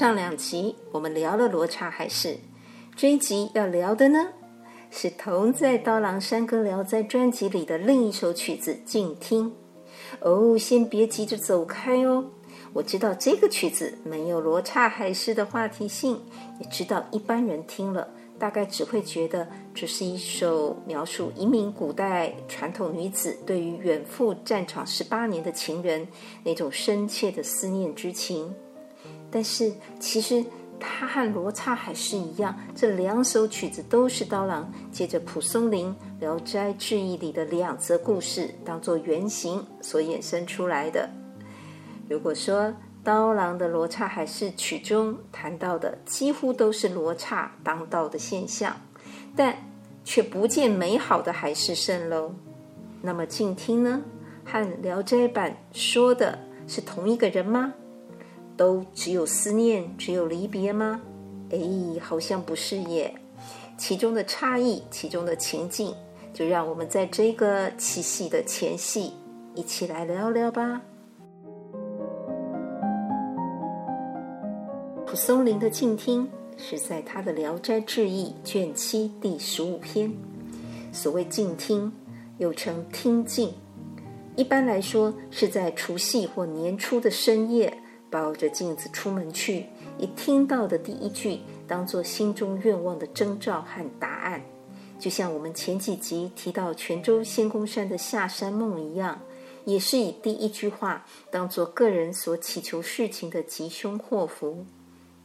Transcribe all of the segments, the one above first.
上兩集我們聊了《羅剎海市》，這一集要聊的呢是同在刀郎《山歌寥哉》專輯裡的另一首曲子《鏡聽》。哦，先別急着走開哦！我知道這個曲子沒有《羅剎海市》的話題性，也知道一般人聽了大概只會覺得這是一首描述一名古代傳統女子對於遠赴戰場十八年的情人那種深切的思念之情。但是其實，他和羅剎海市一樣，這兩首曲子都是刀郎借着蒲松齡《聊齋誌異》裡的兩則故事當做原型所衍生出來的。如果說刀郎的《羅剎海市》曲中談到的幾乎都是羅剎當道的現象，但卻不見美好的海市蜃樓，那麼鏡聽呢，和《聊齋》版說的是同一個人嗎？都只有思念，只有離別嗎？誒，好像不是耶。其中的差異，其中的情境，就讓我們在這個七夕的前夕，一起來聊聊吧。蒲松齡的《鏡聽》是在他的《聊齋誌異》卷七第十五篇。所謂鏡聽，又稱聽鏡，一般來說是在除夕或年初的深夜。抱着鏡子出門去，以聽到的第一句當做心中願望的徵兆和答案，就像我們前幾集提到泉州仙公山的下山夢一樣，也是以第一句話當做個人所祈求事情的吉凶禍福。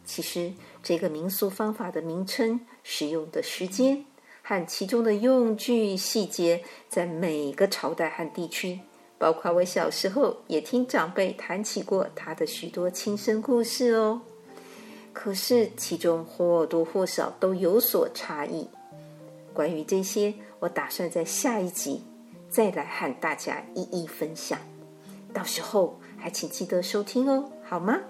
其實，這個民俗方法的名稱、使用的時間和其中的用具細節，在每個朝代和地區。包括我小時候也聽長輩談起過他的許多親身故事哦，可是其中或多或少都有所差異。關於這些，我打算在下一集再來和大家一一分享，到時候還請記得收聽哦，好嗎？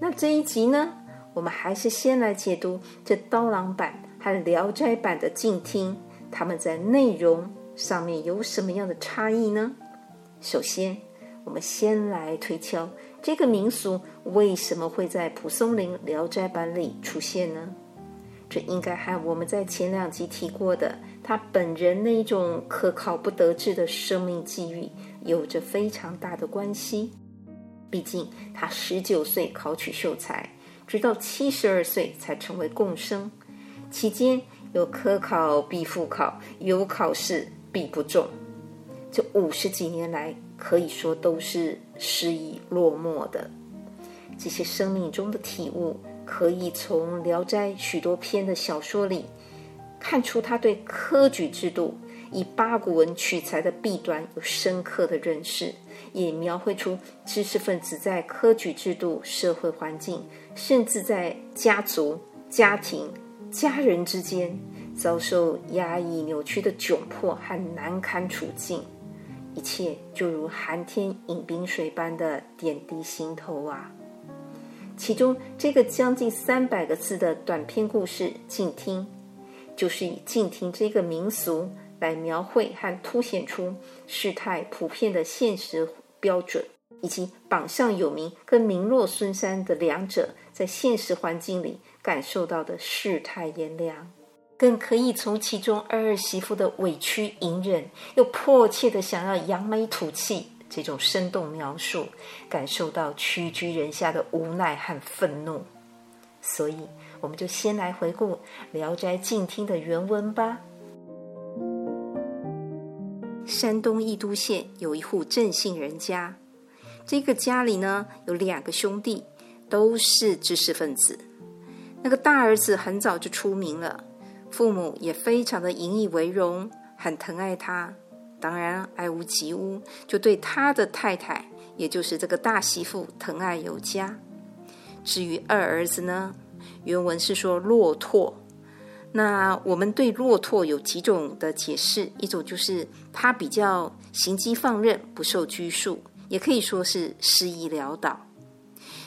那這一集呢，我們還是先來解讀這刀郎版和聊齋版的鏡聽，他們在內容上面有什麼樣的差異呢？首先，我們先來推敲這個民俗為什麼會在蒲松齡《聊齋》版裡出現呢？這應該和我們在前兩集提過的他本人那種科考不得志的生命際遇有着非常大的關係。畢竟他十九歲考取秀才，直到七十二歲才成為貢生，期間有科考必赴考，有考試必不中。這五十幾年來，可以說都是失意落寞的。這些生命中的體悟，可以從《聊齋》許多篇的小說裡看出。他對科舉制度以八股文取材的弊端有深刻的認識，也描繪出知識分子在科舉制度、社會環境，甚至在家族、家庭、家人之間遭受壓抑、扭曲的窘迫和難堪處境。一切就如寒天飲冰水般的點滴心頭啊！其中這個將近三百個字的短篇故事《鏡聽》，就是以鏡聽這個民俗來描繪和凸顯出世態普遍的現實標準，以及榜上有名跟名落孫山的兩者在現實環境裡感受到的世態炎涼。更可以從其中二兒媳婦的委屈隱忍，又迫切的想要揚眉吐氣這種生動描述，感受到屈居人下的無奈和憤怒。所以，我們就先來回顧《聊齋鏡聽》的原文吧。山東益都縣有一戶鄭姓人家，這個家裡呢有兩個兄弟，都是知識分子。那個大兒子很早就出名了。父母也非常的引以為榮，很疼愛他。當然，愛屋及烏，就對他的太太，也就是這個大媳婦疼愛有加。至於二兒子呢，原文是說落拓。那我們對落拓有幾種的解釋？一種就是他比較行跡放任，不受拘束，也可以說是失意潦倒。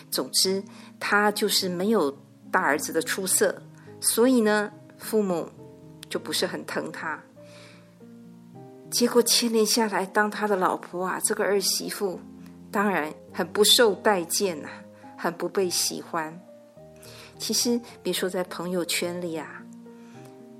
總之，他就是沒有大兒子的出色，所以呢。父母就不是很疼他，結果牽連下來，當他的老婆啊，這個兒媳婦當然很不受待見吶、啊，很不被喜歡。其實，比如說在朋友圈裡啊，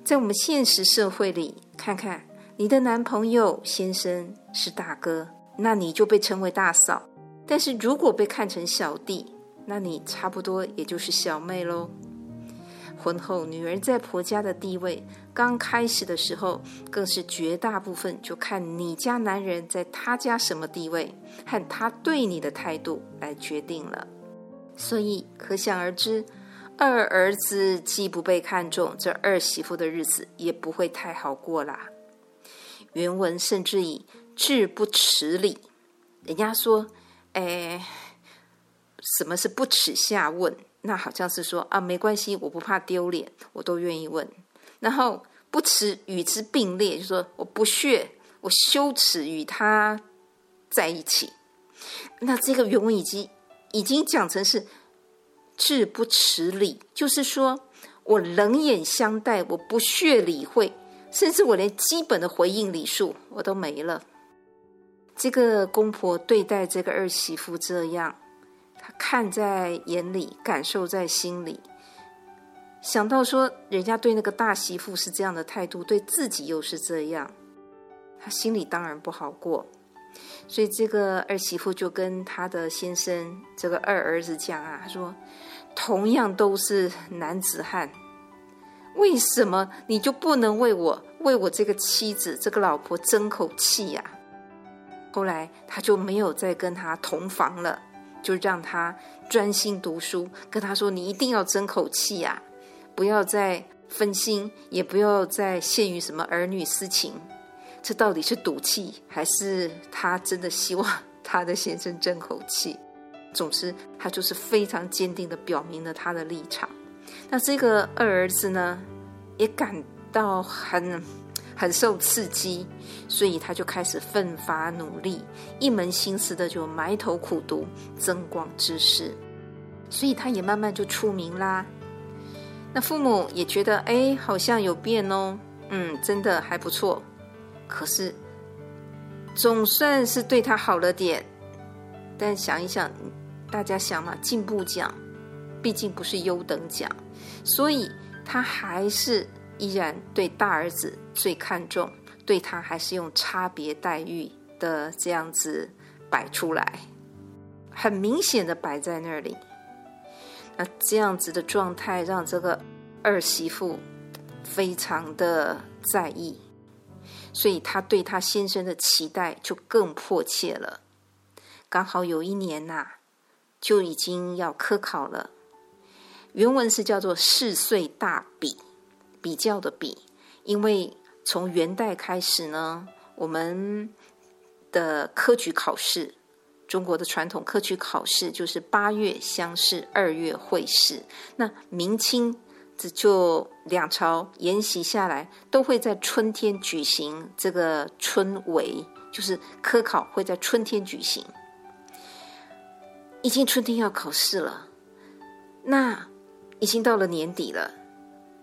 在我們現實社會裡，看看你的男朋友先生是大哥，那你就被稱為大嫂；但是如果被看成小弟，那你差不多也就是小妹嘍。婚後，女人在婆家的地位，剛開始的時候，更是絕大部分就看你家男人在他家什麼地位和他對你的態度來決定了。所以，可想而知，二兒子既不被看重，這二媳婦的日子也不會太好過啦。原文甚至以“至不齒禮”，人家說：“哎，什麼是不恥下問？”那好像是說啊，沒關係，我不怕丟臉，我都願意問。然後不恥與之並列，就是說我不屑，我羞恥與他在一起。那這個原文已經已經講成是，置不齒禮，就是說我冷眼相待，我不屑理會，甚至我連基本的回應禮數我都沒了。這個公婆對待這個兒媳婦這樣。他看在眼裡，感受在心裡，想到說人家對那個大媳婦是這樣的態度，對自己又是這樣，他心裡當然不好過。所以這個二媳婦就跟他的先生這個二兒子講啊，說同樣都是男子漢，為什麼你就不能為我為我這個妻子這個老婆爭口氣呀？後來他就沒有再跟他同房了。就讓他專心讀書，跟他說：“你一定要爭口氣呀，啊，不要再分心，也不要再陷於什麼兒女私情。這到底是賭氣，還是他真的希望他的先生爭口氣？總之，他就是非常堅定地表明了他的立場。那這個二兒子呢，也感到很”很受刺激，所以他就開始奮發努力，一門心思的就埋頭苦讀，增廣知識，所以他也慢慢就出名啦。那父母也覺得，誒，好像有變哦，嗯，真的還不錯。可是總算是對他好了點，但想一想，大家想嘛，進步獎畢竟不是優等獎，所以他還是。依然對大兒子最看重，對他還是用差別待遇的這樣子擺出來，很明顯的擺在那裡。那這樣子的狀態讓這個二媳婦非常的在意，所以她對她先生的期待就更迫切了。剛好有一年吶、啊，就已經要科考了。原文是叫做“四歲大比”。比較的比，因為從元代開始呢，我們的科舉考試，中國的傳統科舉考試就是八月鄉試，二月會試。那明清這就兩朝沿襲下來，都會在春天舉行這個春闈，就是科考會在春天舉行。已經春天要考試了，那已經到了年底了，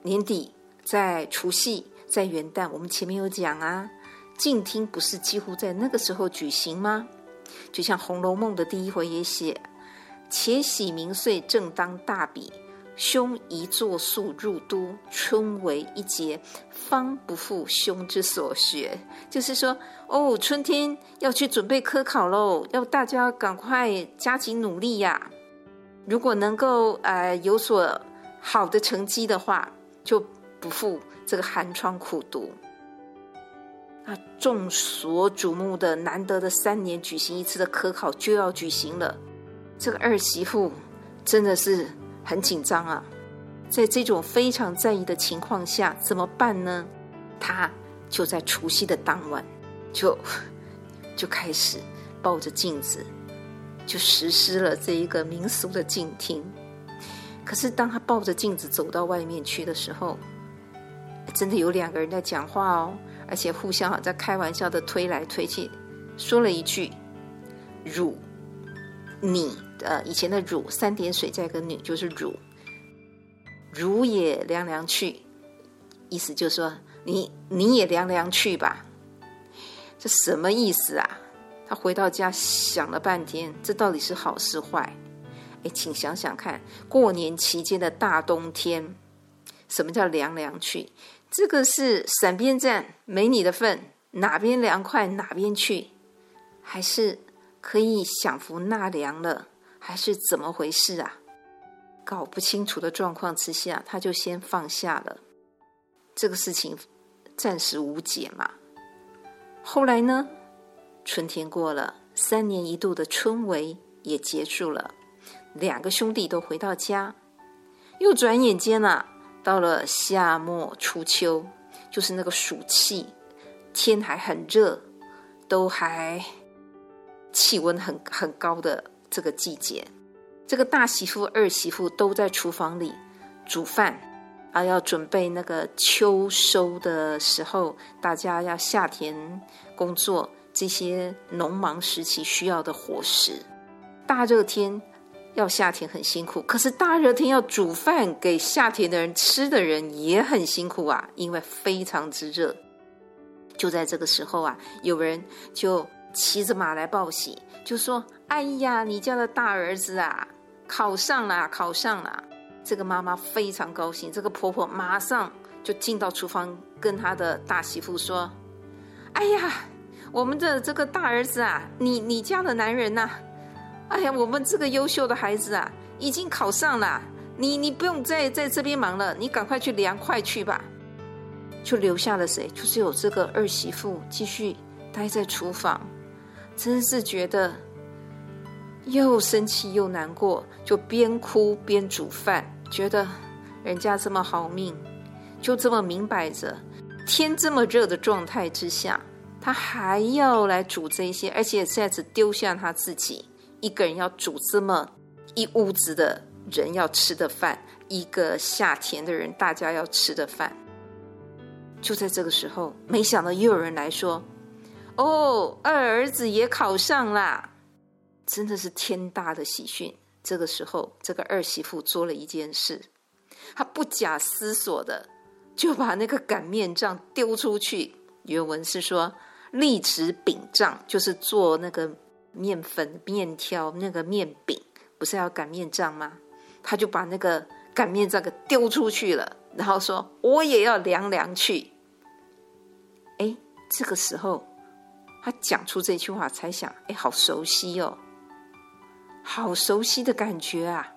年底。在除夕，在元旦，我們前面有講啊，鏡聽不是幾乎在那個時候舉行嗎？就像《紅樓夢》的第一回也寫：“且喜明歲正當大比，兄宜作速入都，春闈一捷，方不負兄之所學。”就是說，哦，春天要去準備科考嘍，要大家趕快加緊努力呀、啊！如果能夠呃有所好的成績的話，就。不負這個寒窗苦讀，那眾所矚目的難得的三年舉行一次的科考就要舉行了，這個二媳婦真的是很緊張啊！在這種非常在意的情況下，怎麼辦呢？她就在除夕的當晚就就開始抱着鏡子，就實施了這一個民俗的鏡聽。可是，當她抱着鏡子走到外面去的時候，真的有兩個人在講話哦，而且互相好像在開玩笑的推來推去，說了一句“汝”，你，呃，以前的“汝”三點水加一個“女”就是汝“汝”，汝也涼涼去，意思就是說你你也涼涼去吧，這什麼意思啊？他回到家想了半天，這到底是好是壞？哎，請想想看，過年期間的大冬天，什麼叫涼涼去？這個是閃邊站，沒你的份。哪邊涼快哪邊去，還是可以享福納涼了，還是怎麼回事啊？搞不清楚的狀況之下，他就先放下了這個事情，暫時無解嘛。後來呢，春天過了，三年一度的春闱也結束了，兩個兄弟都回到家，又轉眼間啊。到了夏末初秋，就是那個暑氣，天還很熱，都還氣溫很很高的這個季節，這個大媳婦、二媳婦都在廚房裡煮飯，而、啊、要準備那個秋收的時候，大家要下田工作，這些農忙時期需要的伙食，大熱天。要下田很辛苦，可是大熱天要煮飯給下田的人吃的人也很辛苦啊，因為非常之熱。就在這個時候啊，有人就騎着馬來報喜，就說：“哎呀，你家的大兒子啊，考上了，考上了！”這個媽媽非常高興，這個婆婆馬上就進到廚房跟她的大媳婦說：“哎呀，我們的這個大兒子啊，你你家的男人吶、啊。”哎呀，我們這個優秀的孩子啊，已經考上了。你你不用再在這邊忙了，你趕快去涼快去吧。就留下了誰？就只有這個二媳婦繼續待在廚房。真是覺得又生氣又難過，就邊哭邊煮飯，覺得人家這麼好命，就這麼明擺着，天這麼熱的狀態之下，他還要來煮這些，而且再次丟下他自己。一個人要煮這麼一屋子的人要吃的飯，一個夏天的人大家要吃的飯，就在這個時候，沒想到又有人來說：“哦，二兒子也考上啦，真的是天大的喜訊。”這個時候，這個二媳婦做了一件事，她不假思索的就把那個擀麵杖丟出去。原文是說：“立直餅杖，就是做那個。”麵粉、麵條、那個麵餅，不是要擀麵杖嗎？他就把那個擀麵杖給丟出去了，然後說：“我也要涼涼去。”哎，這個時候他講出這句話，才想：“哎，好熟悉哦，好熟悉的感覺啊！”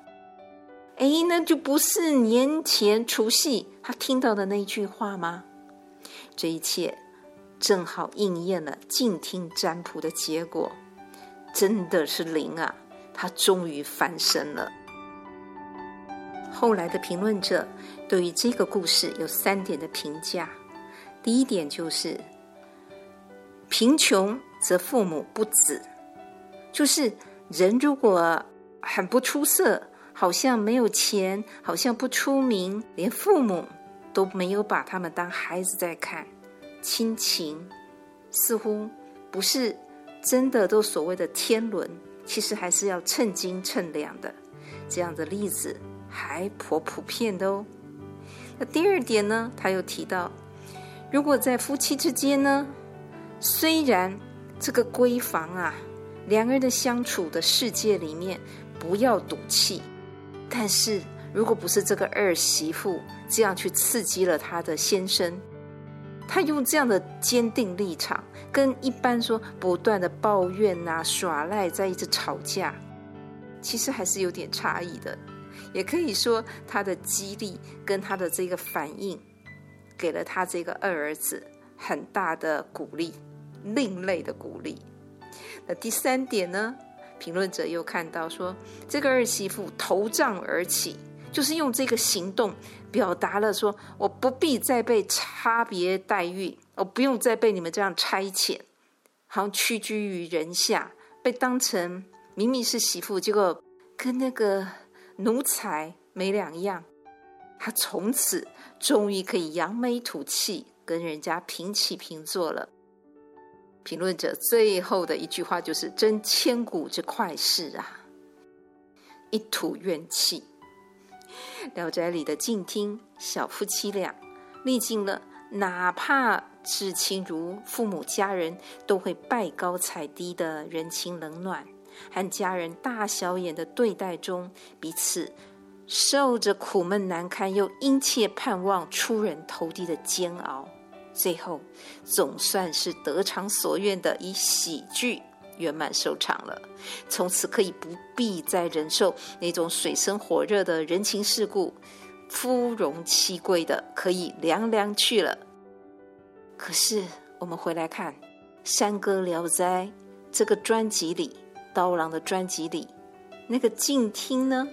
哎，那就不是年前除夕他聽到的那一句話嗎？這一切正好應驗了鏡聽占卜的結果。真的是靈啊！他終於翻身了。後來的評論者對於這個故事有三點的評價：第一點就是，貧窮則父母不子，就是人如果很不出色，好像沒有錢，好像不出名，連父母都沒有把他們當孩子在看，親情似乎不是真的都所謂的天倫，其實還是要稱斤稱兩的，這樣的例子還頗普遍的哦。那第二點呢，他又提到，如果在夫妻之間呢，雖然這個閨房啊，兩個人的相處的世界裡面不要賭氣，但是如果不是這個二媳婦這樣去刺激了她的先生。他用這樣的堅定立場，跟一般說不斷的抱怨吶、啊、耍賴、在一直吵架，其實還是有點差異的。也可以說，他的激勵跟他的這個反應，給了他這個二兒子很大的鼓勵，另類的鼓勵。那第三點呢，評論者又看到說，這個二媳婦頭脹而起。就是用這個行動表達了說，我不必再被差別待遇，我不用再被你們這樣差遣，好像屈居於人下，被當成明明是媳婦，結果跟那個奴才沒兩樣。他從此終於可以揚眉吐氣，跟人家平起平坐了。評論者最後的一句話就是：“真千古之快事啊，一吐怨氣。”《聊齋》裡的鏡聽小夫妻倆，歷盡了哪怕至親如父母家人都會拜高踩低的人情冷暖，和家人大小眼的對待中，彼此受着苦悶難堪，又殷切盼望出人頭地的煎熬，最後總算是得償所願的以喜劇。圓滿收場了，從此可以不必再忍受那種水深火熱的人情世故、夫榮妻貴的，可以涼涼去了。可是我們回來看《山歌聊齋》這個專輯裡，刀郎的專輯裡，那個鏡聽呢，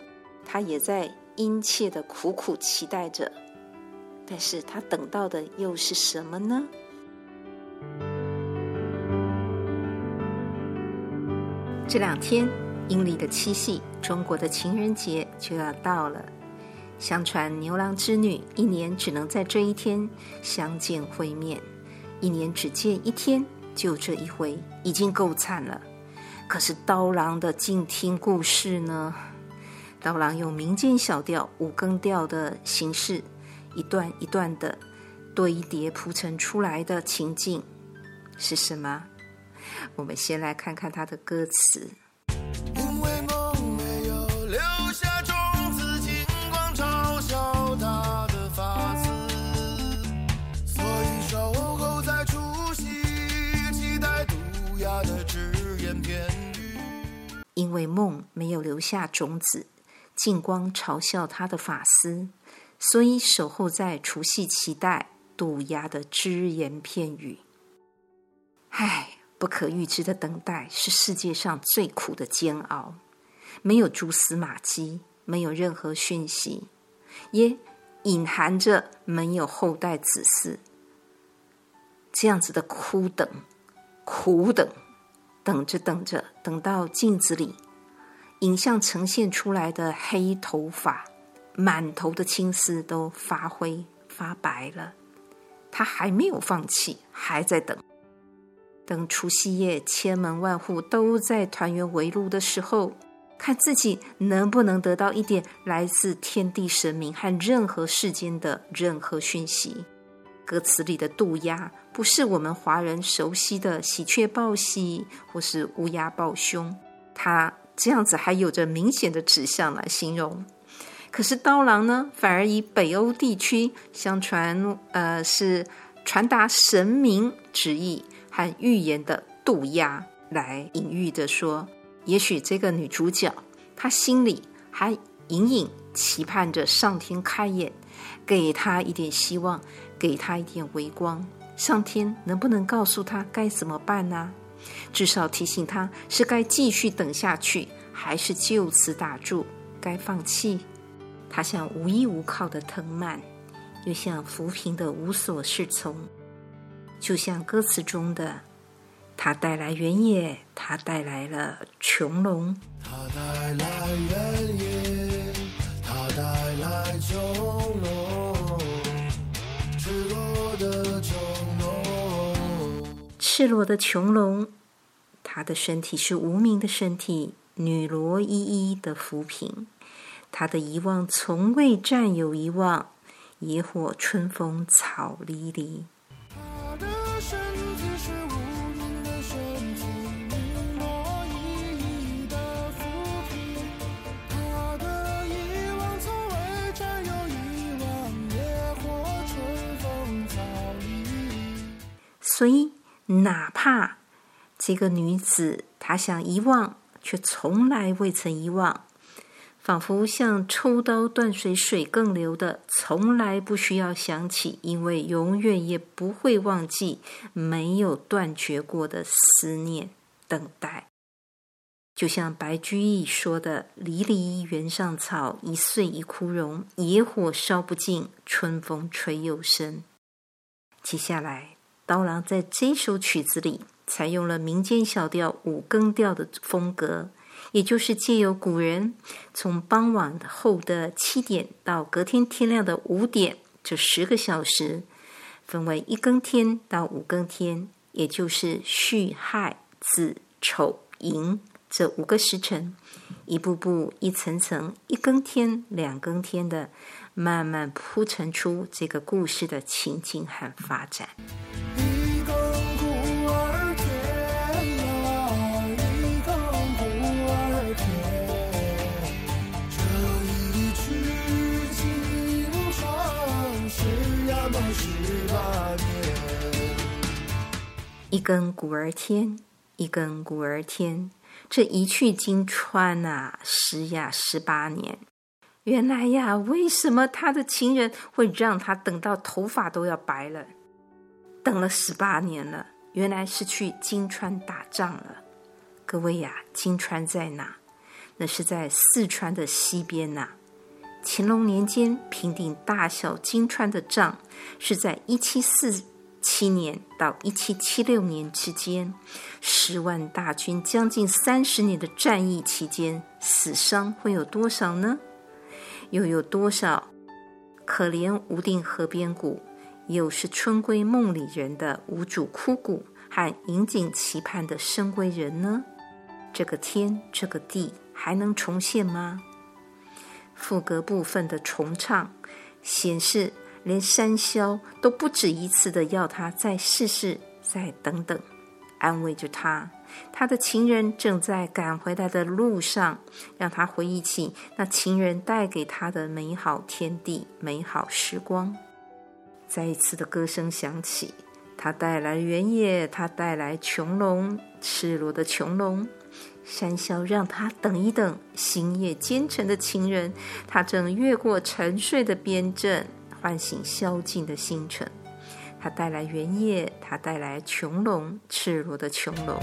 他也在殷切的苦苦期待着，但是他等到的又是什麼呢？這兩天，陰曆的七夕，中國的情人節就要到了。相傳牛郎織女一年只能在這一天相見會面，一年只見一天，就這一回，已經夠慘了。可是刀郎的鏡聽故事呢？刀郎用民間小調五更調的形式，一段一段的堆疊鋪陳出來的情境是什麼？我們先來看看他的歌詞。因為夢沒有留下種子，儘管嘲笑他的髮絲，所以守候在除夕，期待塗鴉的只言片語。因為夢沒有留下種子，儘管嘲笑他的髮絲，所以守候在除夕其，期待塗鴉的只言片語。唉。不可預知的等待是世界上最苦的煎熬，沒有蛛絲馬跡，沒有任何訊息，也、yeah，隱含着沒有後代子嗣，這樣子的苦等，苦等，等着等着，等到鏡子裡影像呈現出來的黑頭髮，滿頭的青絲都發灰發白了，他還沒有放棄，還在等。等除夕夜，千門萬戶都在團圓圍爐的時候，看自己能不能得到一點來自天地神明和任何世間的任何訊息。歌詞裡的渡鴉，不是我們華人熟悉的喜鵲報喜或是烏鴉報兇，它這樣子還有着明顯的指向來形容。可是刀郎呢，反而以北歐地區相傳，呃，是傳達神明旨意。按預言的渡鴉來隱喻着說，也許這個女主角她心裡還隱隱期盼着上天開眼，給她一點希望，給她一點微光。上天能不能告訴她該怎麼辦呢、啊？至少提醒她是該繼續等下去，還是就此打住？該放棄？她像無依無靠的藤蔓，又像浮萍的無所適從。就像歌詞中的，他帶來原野，他帶來了穹窿，他帶來原野，他帶來了穹窿，赤裸的穹窿，赤裸的穹窿，他的身體是無名的身體，女蘿依依的浮萍，他的遺忘從未佔有遺忘，野火春風草離離。所以，哪怕這個女子她想遺忘，卻從來未曾遺忘，仿佛像抽刀斷水，水更流的，從來不需要想起，因為永遠也不會忘記沒有斷絕過的思念、等待。就像白居易說的：“離離原上草，一歲一枯榮。野火燒不盡，春風吹又生。”接下來。刀郎在這首曲子裡採用了民間小調五更調的風格，也就是借由古人從傍晚後的七點到隔天天亮的五點，這十個小時，分為一更天到五更天，也就是戌、亥、子、丑、寅這五個時辰，一步步、一層層，一更天、兩更天的。慢慢鋪陳出這個故事的情景和發展一、啊。一更鼓兒天，天，一更鼓兒天，這一去金川、啊、十呀麼十八年。一更鼓兒天，一更鼓兒天，這一去金川吶，十呀十八年。原來呀，為什麼他的情人會讓他等到頭髮都要白了？等了十八年了，原來是去金川打仗了。各位呀，金川在哪？那是在四川的西邊吶、啊。乾隆年間平定大小金川的仗，是在一七四七年到一七七六年之間，十萬大軍將近三十年的戰役期間，死傷會有多少呢？又有多少可憐無定河邊骨，又是春閨夢裡人的無主枯骨，和引頸期盼的深閨人呢？這個天，這個地，還能重現嗎？副歌部分的重唱顯示，連山魈都不止一次的要他再試試，再等等，安慰着他。他的情人正在趕回來的路上，讓他回憶起那情人帶給他的美好天地、美好時光。再一次的歌聲響起，他帶來原野，他帶來穹隆，赤裸的穹隆。山魈讓他等一等，星夜兼程的情人，他正越過沉睡的邊鎮，喚醒宵禁的星辰。它帶來原野，它帶來穹隆，赤裸的穹隆。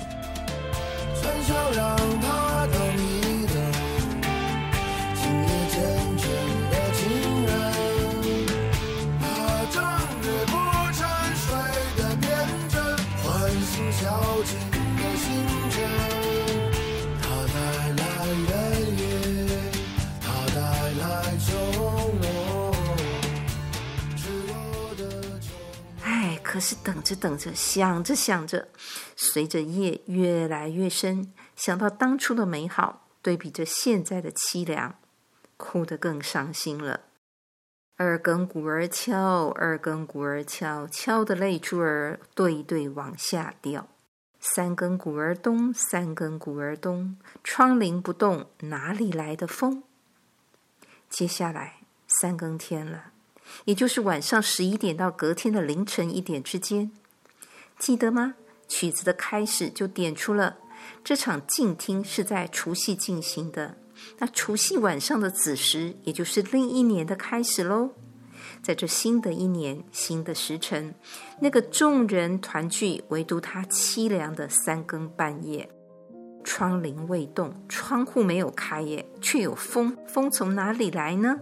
可是等着等着，想着想着，隨着夜越來越深，想到當初的美好，對比着現在的淒涼，哭得更傷心了。二更鼓兒敲，二更鼓兒敲，敲得淚珠兒對對往下掉。三更鼓兒咚，三更鼓兒咚，窗棂不動，哪裡來的風？接下來三更天了。也就是晚上十一點到隔天的凌晨一點之間，記得嗎？曲子的開始就點出了這場鏡聽是在除夕進行的。那除夕晚上的子時，也就是另一年的開始嘍。在這新的一年、新的時辰，那個眾人團聚，唯獨他凄涼的三更半夜，窗棂未動，窗戶沒有開耶，卻有風。風從哪裡來呢？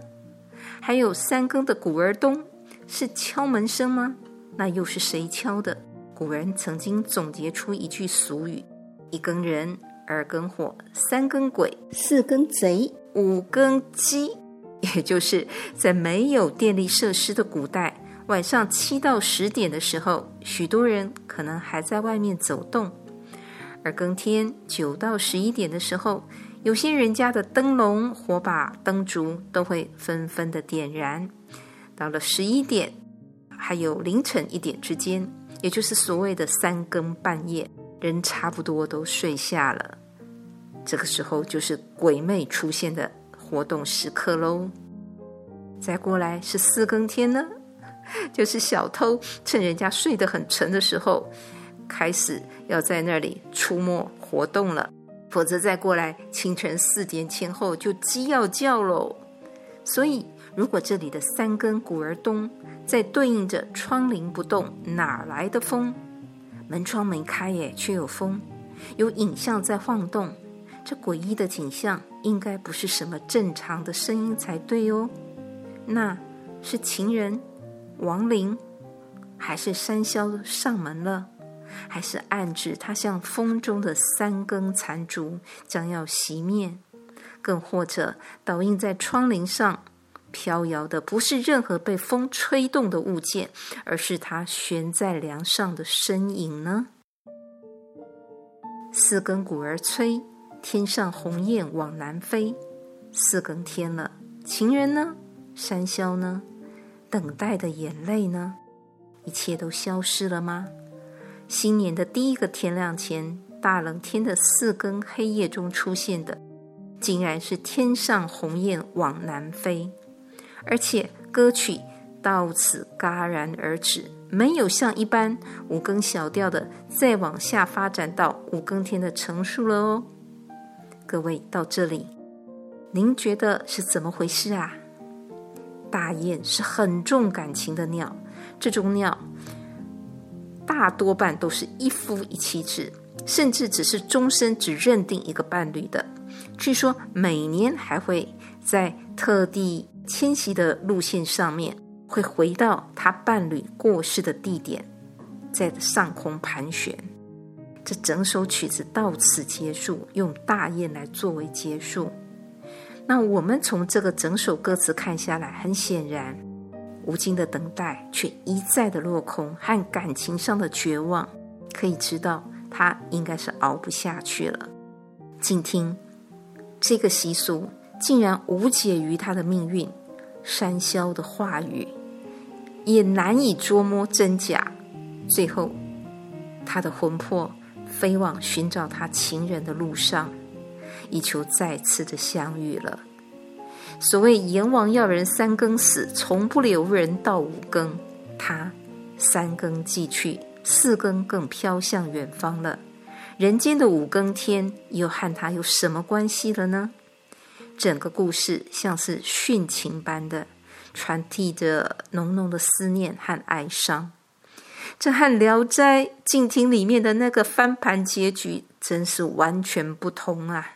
還有三更的鼓兒咚，是敲門聲嗎？那又是誰敲的？古人曾經總結出一句俗語：一更人，二更火，三更鬼，四更賊，五更雞。也就是在沒有電力設施的古代，晚上七到十點的時候，許多人可能還在外面走動；二更天九到十一點的時候。有些人家的燈籠、火把、燈燭都會紛紛的點燃，到了十一點，還有凌晨一點之間，也就是所謂的三更半夜，人差不多都睡下了，這個時候就是鬼魅出現的活動時刻嘍。再過來是四更天呢，就是小偷趁人家睡得很沉的時候，開始要在那裡出沒活動了。否則，再過來，清晨四點前後就雞要叫嘍。所以，如果這裡的三更鼓兒咚在對應着窗欞不動，哪兒來的風？門窗沒開耶，卻有風，有影像在晃動。這詭異的景象，應該不是什麼正常的聲音才對哦。那是情人、亡靈，還是山魈上門了？還是暗指他像風中的三根殘燭，將要熄滅？更或者倒映在窗棂上飄搖的，不是任何被風吹動的物件，而是他懸在梁上的身影呢？四更鼓兒催，天上鴻雁往南飛。四更天了，情人呢？山魈呢？等待的眼淚呢？一切都消失了嗎？新年的第一個天亮前，大冷天的四更黑夜中出現的，竟然是天上鴻雁往南飛，而且歌曲到此戛然而止，沒有像一般五更小調的再往下發展到五更天的陳述了哦。各位到這裡，您覺得是怎麼回事啊？大雁是很重感情的鳥，這種鳥。大多半都是一夫一妻制，甚至只是終身只認定一個伴侶的。據說每年還會在特地遷徙的路線上面，會回到他伴侶過世的地點，在上空盤旋。這整首曲子到此結束，用大雁來作為結束。那我們從這個整首歌詞看下來，很顯然。無盡的等待卻一再的落空，和感情上的絕望，可以知道他應該是熬不下去了。鏡聽這個習俗竟然無解於他的命運，山魈的話語也難以捉摸真假。最後，他的魂魄飛往尋找他情人的路上，以求再次的相遇了。所謂閻王要人三更死，從不留人到五更。他三更即去，四更更飄向遠方了。人間的五更天又和他有什麼關係了呢？整個故事像是殉情般的傳遞着濃濃的思念和哀傷。這和《聊齋》鏡聽裡面的那個翻盤結局真是完全不同啊！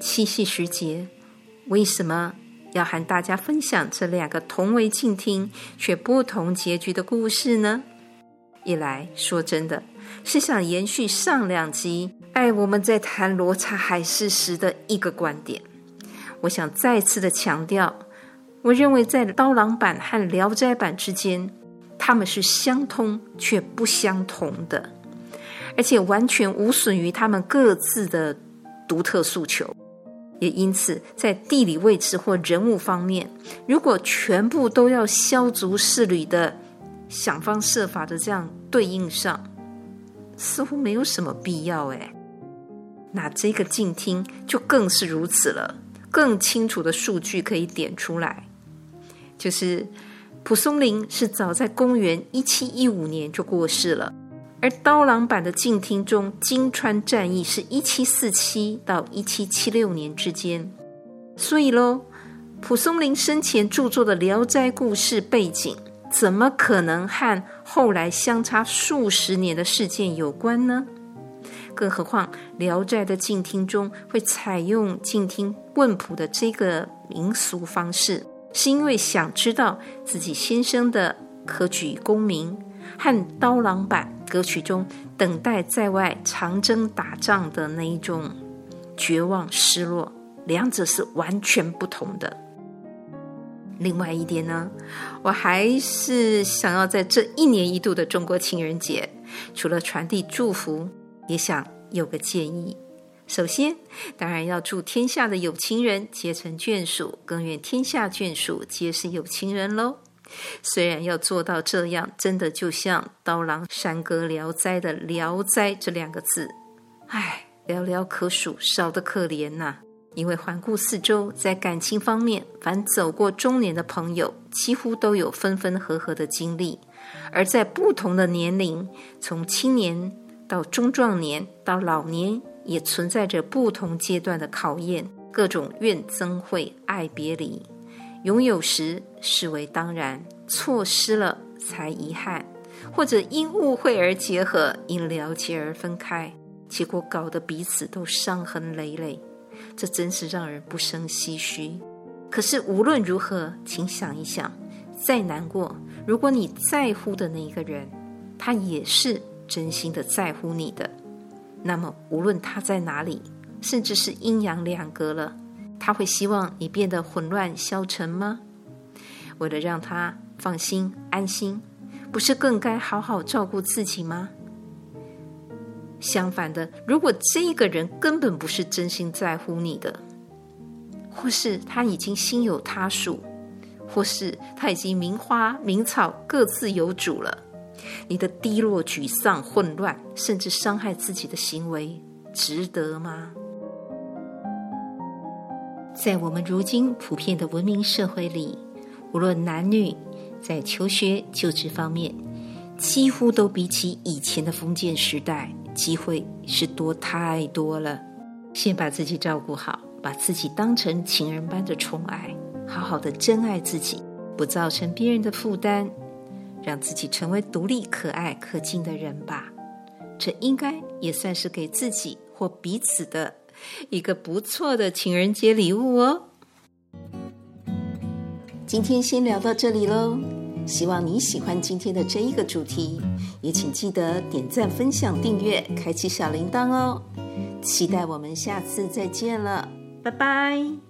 七夕時節，為什麼要和大家分享這兩個同為鏡聽卻不同結局的故事呢？一來，說真的，是想延續上兩集，哎，我們在談羅剎海市時的一個觀點。我想再次的強調，我認為在刀郎版和聊齋版之間，他們是相通卻不相同的，而且完全無損於他們各自的獨特訴求。也因此，在地理位置或人物方面，如果全部都要削足適履的想方設法的這樣對應上，似乎沒有什麼必要誒。那這個鏡聽就更是如此了，更清楚的數據可以點出來，就是蒲松齡是早在公元一七一五年就過世了。而刀郎版的《鏡聽》中，金川戰役是一七四七到一七七六年之間，所以咯，蒲松齡生前著作的《聊齋》故事背景，怎麼可能和後來相差數十年的事件有關呢？更何況，《聊齋》的《鏡聽》中會採用“鏡聽問卜”的這個民俗方式，是因為想知道自己先生的科舉功名。和刀郎版歌曲中等待在外長征打仗的那一種絕望失落，兩者是完全不同的。另外一點呢，我還是想要在這一年一度的中國情人節，除了傳遞祝福，也想有個建議。首先，當然要祝天下的有情人皆成眷屬，更願天下眷屬皆是有情人嘍。雖然要做到這樣，真的就像刀郎《山歌聊齋》的“聊齋”這兩個字，唉，寥寥可數，少得可憐吶、啊。因為環顧四周，在感情方面，凡走過中年的朋友，幾乎都有分分合合的經歷；而在不同的年齡，從青年到中壯年到老年，也存在着不同階段的考驗，各種怨憎會、愛別離。擁有時視為當然，錯失了才遺憾；或者因誤會而結合，因了解而分開，結果搞得彼此都傷痕累累，這真是讓人不勝唏噓。可是無論如何，請想一想，再難過，如果你在乎的那一個人，他也是真心的在乎你的，那麼無論他在哪裡，甚至是陰陽兩隔了。他會希望你變得混亂、消沉嗎？為了讓他放心、安心，不是更該好好照顧自己嗎？相反的，如果這個人根本不是真心在乎你的，或是他已經心有他屬，或是他已經名花名草各自有主了，你的低落、沮喪、混亂，甚至傷害自己的行為，值得嗎？在我們如今普遍的文明社會裡，無論男女，在求學、就職方面，幾乎都比起以前的封建時代，機會是多太多了。先把自己照顧好，把自己當成情人般的寵愛，好好的珍愛自己，不造成別人的負擔，讓自己成為獨立、可愛、可敬的人吧。這應該也算是給自己或彼此的。一個不錯的情人節禮物哦。今天先聊到這裡嘍，希望你喜歡今天的這一個主題，也請記得點讚、分享、訂閱，開啟小鈴鐺哦。期待我們下次再見了，拜拜。